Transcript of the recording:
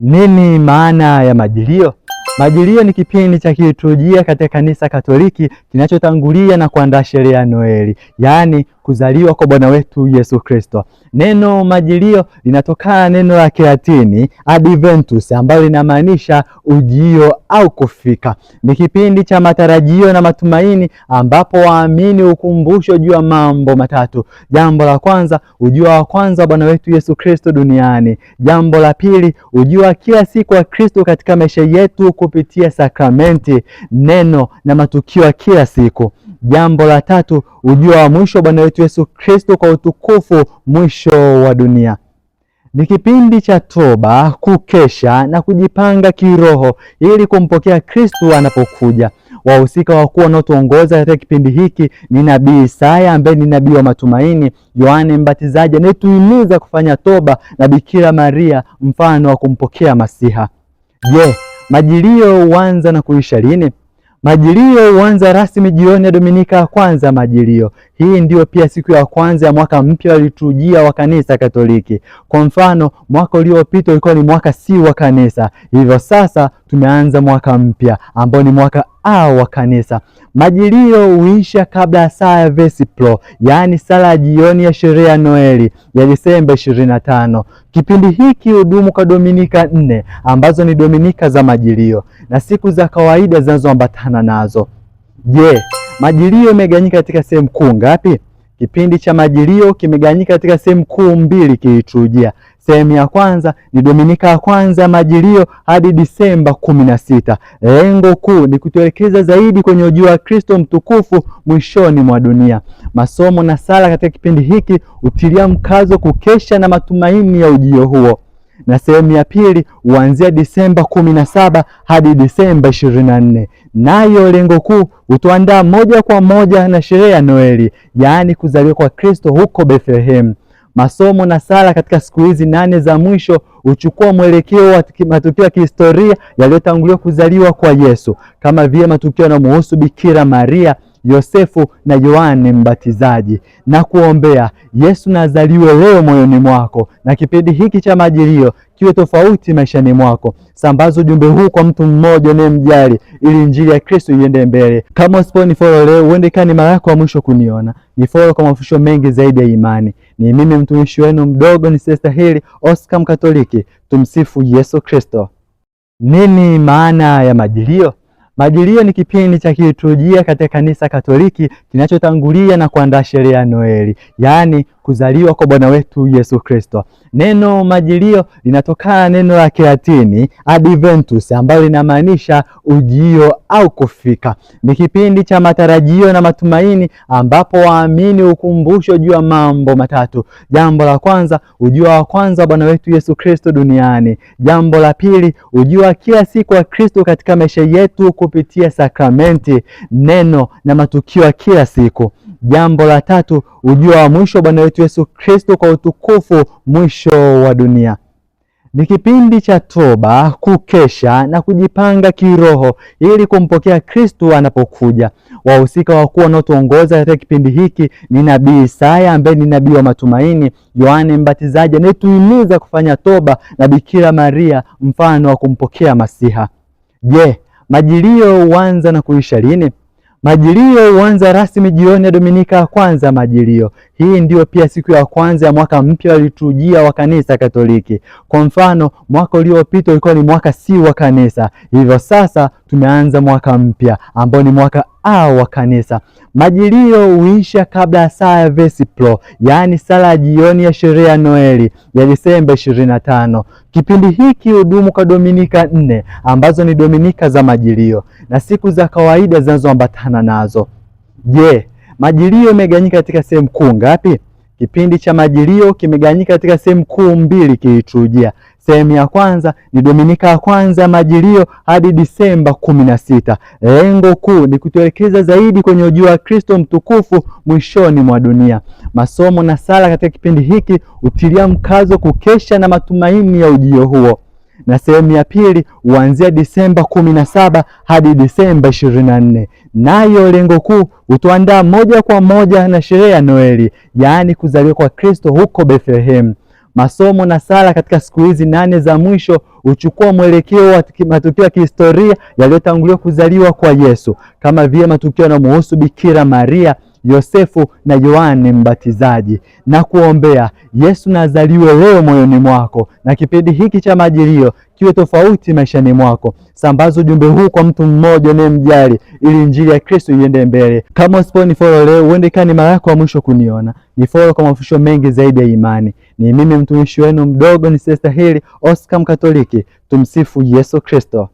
Nini maana ya majilio? Majilio ni kipindi cha kiliturujia katika Kanisa Katoliki kinachotangulia na kuandaa sherehe ya Noeli, yaani kuzaliwa kwa Bwana wetu Yesu Kristo. Neno majilio linatokana neno la Kilatini adventus ambalo linamaanisha ujio au kufika. Ni kipindi cha matarajio na matumaini ambapo waamini hukumbushwa juu ya mambo matatu. Jambo la kwanza, ujio wa kwanza wa Bwana wetu Yesu Kristo duniani. Jambo la pili, ujio wa kila siku wa Kristo katika maisha yetu kupitia sakramenti, neno na matukio ya kila siku. Jambo la tatu, ujio wa mwisho wa Bwana wetu Yesu Kristo kwa utukufu, mwisho wa dunia. Ni kipindi cha toba, kukesha na kujipanga kiroho ili kumpokea Kristo anapokuja. Wahusika wakuu wanaotuongoza katika kipindi hiki ni nabii Isaya ambaye ni nabii wa matumaini, Yohane Mbatizaji anayetuhimiza kufanya toba, na Bikira Maria mfano wa kumpokea Masiha. Je, yeah, majilio huanza na kuisha lini? Majilio huanza rasmi jioni ya Dominika ya kwanza majilio, hii ndiyo pia siku ya kwanza ya mwaka mpya wa liturujia wa kanisa Katoliki. Kwa mfano, mwaka uliopita ulikuwa ni mwaka si wa kanisa, hivyo sasa tumeanza mwaka mpya ambao ni mwaka a wa kanisa. Majilio huisha kabla ya saa ya vespro, yaani sala ya jioni ya sherehe ya Noeli ya Desemba 25. Kipindi hiki hudumu kwa dominika nne ambazo ni dominika za majilio na siku za kawaida zinazoambatana nazo. Je, yeah, majilio imegawanyika katika sehemu kuu ngapi? Kipindi cha majilio kimegawanyika katika sehemu kuu mbili kiliturujia. Sehemu ya kwanza ni Dominika ya kwanza ya majilio hadi Disemba kumi na sita. Lengo kuu ni kutuelekeza zaidi kwenye ujio wa Kristo mtukufu mwishoni mwa dunia. Masomo na sala katika kipindi hiki hutilia mkazo kukesha na matumaini ya ujio huo na sehemu ya pili huanzia Disemba kumi na saba hadi Disemba ishirini na nne nayo lengo kuu hutuandaa moja kwa moja na sherehe ya Noeli, yaani kuzaliwa kwa Kristo huko Bethlehemu. Masomo na sala katika siku hizi nane za mwisho huchukua mwelekeo wa matukio ya kihistoria yaliyotangulia kuzaliwa kwa Yesu, kama vile matukio yanayomhusu Bikira Maria Yosefu na Yohane Mbatizaji na kuombea Yesu na azaliwe leo moyoni mwako, na kipindi hiki cha majilio kiwe tofauti maishani mwako. Sambaza ujumbe huu kwa mtu mmoja mjali, ili injili ya Kristo iende mbele. Kama usiponi follow leo, uende kani mara yako ya mwisho kuniona. Ni follow kwa mafundisho mengi zaidi ya imani. Ni mimi mtumishi wenu mdogo nisiyestahili, Oscar Mkatoliki. Tumsifu Yesu Kristo. Nini maana ya majilio? Majilio ni kipindi cha kiliturujia katika kanisa Katoliki kinachotangulia na kuandaa sherehe ya Noeli, yaani kuzaliwa kwa Bwana wetu Yesu Kristo. Neno majilio linatokana neno la Kilatini adventus ambalo linamaanisha ujio au kufika. Ni kipindi cha matarajio na matumaini ambapo waamini hukumbushwa juu ya mambo matatu. Jambo la kwanza, ujio wa kwanza wa Bwana wetu Yesu Kristo duniani. Jambo la pili, ujio wa kila siku wa Kristo katika maisha yetu kupitia sakramenti, neno na matukio ya kila siku. Jambo la tatu, ujio wa mwisho wa Bwana wetu Yesu Kristo kwa utukufu, mwisho wa dunia. Ni kipindi cha toba, kukesha na kujipanga kiroho ili kumpokea Kristo anapokuja. Wahusika wakuu wanaotuongoza katika kipindi hiki ni nabii Isaya ambaye ni nabii wa matumaini, Yohane Mbatizaji anayetuhimiza kufanya toba, na Bikira Maria mfano wa kumpokea Masiha. Je, Majilio huanza na kuisha lini? Majilio huanza rasmi jioni ya Dominika ya kwanza majilio. Hii ndiyo pia siku ya kwanza ya mwaka mpya wa liturujia wa Kanisa Katoliki. Kwa mfano, mwaka uliopita ulikuwa ni mwaka si wa kanisa, hivyo sasa tumeanza mwaka mpya ambao ni mwaka au wa kanisa. Majilio huisha kabla ya saa ya vespro, yaani sala ya jioni ya sherehe ya Noeli ya Disemba 25. Kipindi hiki hudumu kwa dominika nne ambazo ni dominika za majilio na siku za kawaida zinazoambatana nazo. Je, majilio imeganyika katika sehemu kuu ngapi? Kipindi cha majilio kimeganyika katika sehemu kuu mbili kiliturujia. Sehemu ya kwanza ni dominika ya kwanza ya majilio hadi Disemba kumi na sita. Lengo kuu ni kutuelekeza zaidi kwenye ujio wa Kristo mtukufu mwishoni mwa dunia. Masomo na sala katika kipindi hiki hutilia mkazo kukesha na matumaini ya ujio huo na sehemu ya pili huanzia Disemba kumi na saba hadi Disemba ishirini na nne nayo lengo kuu hutuandaa moja kwa moja na sherehe ya Noeli, yaani kuzaliwa kwa Kristo huko Bethlehemu. Masomo na sala katika siku hizi nane za mwisho huchukua mwelekeo wa matukio ya kihistoria yaliyotangulia kuzaliwa kwa Yesu, kama vile matukio yanamhusu Bikira Maria, Yosefu na Yohane Mbatizaji, na kuombea Yesu na azaliwe leo moyoni mwako, na kipindi hiki cha majilio kiwe tofauti maishani mwako. Sambaza ujumbe huu kwa mtu mmoja unayemjali, ili injili ya Kristo iende mbele. Kama usiponifollow leo, uende kani mara yako ya mwisho kuniona, nifollow kwa mafundisho mengi zaidi ya imani. Ni mimi mtumishi wenu mdogo nisiyestahili, Oscar Mkatoliki. Tumsifu Yesu Kristo.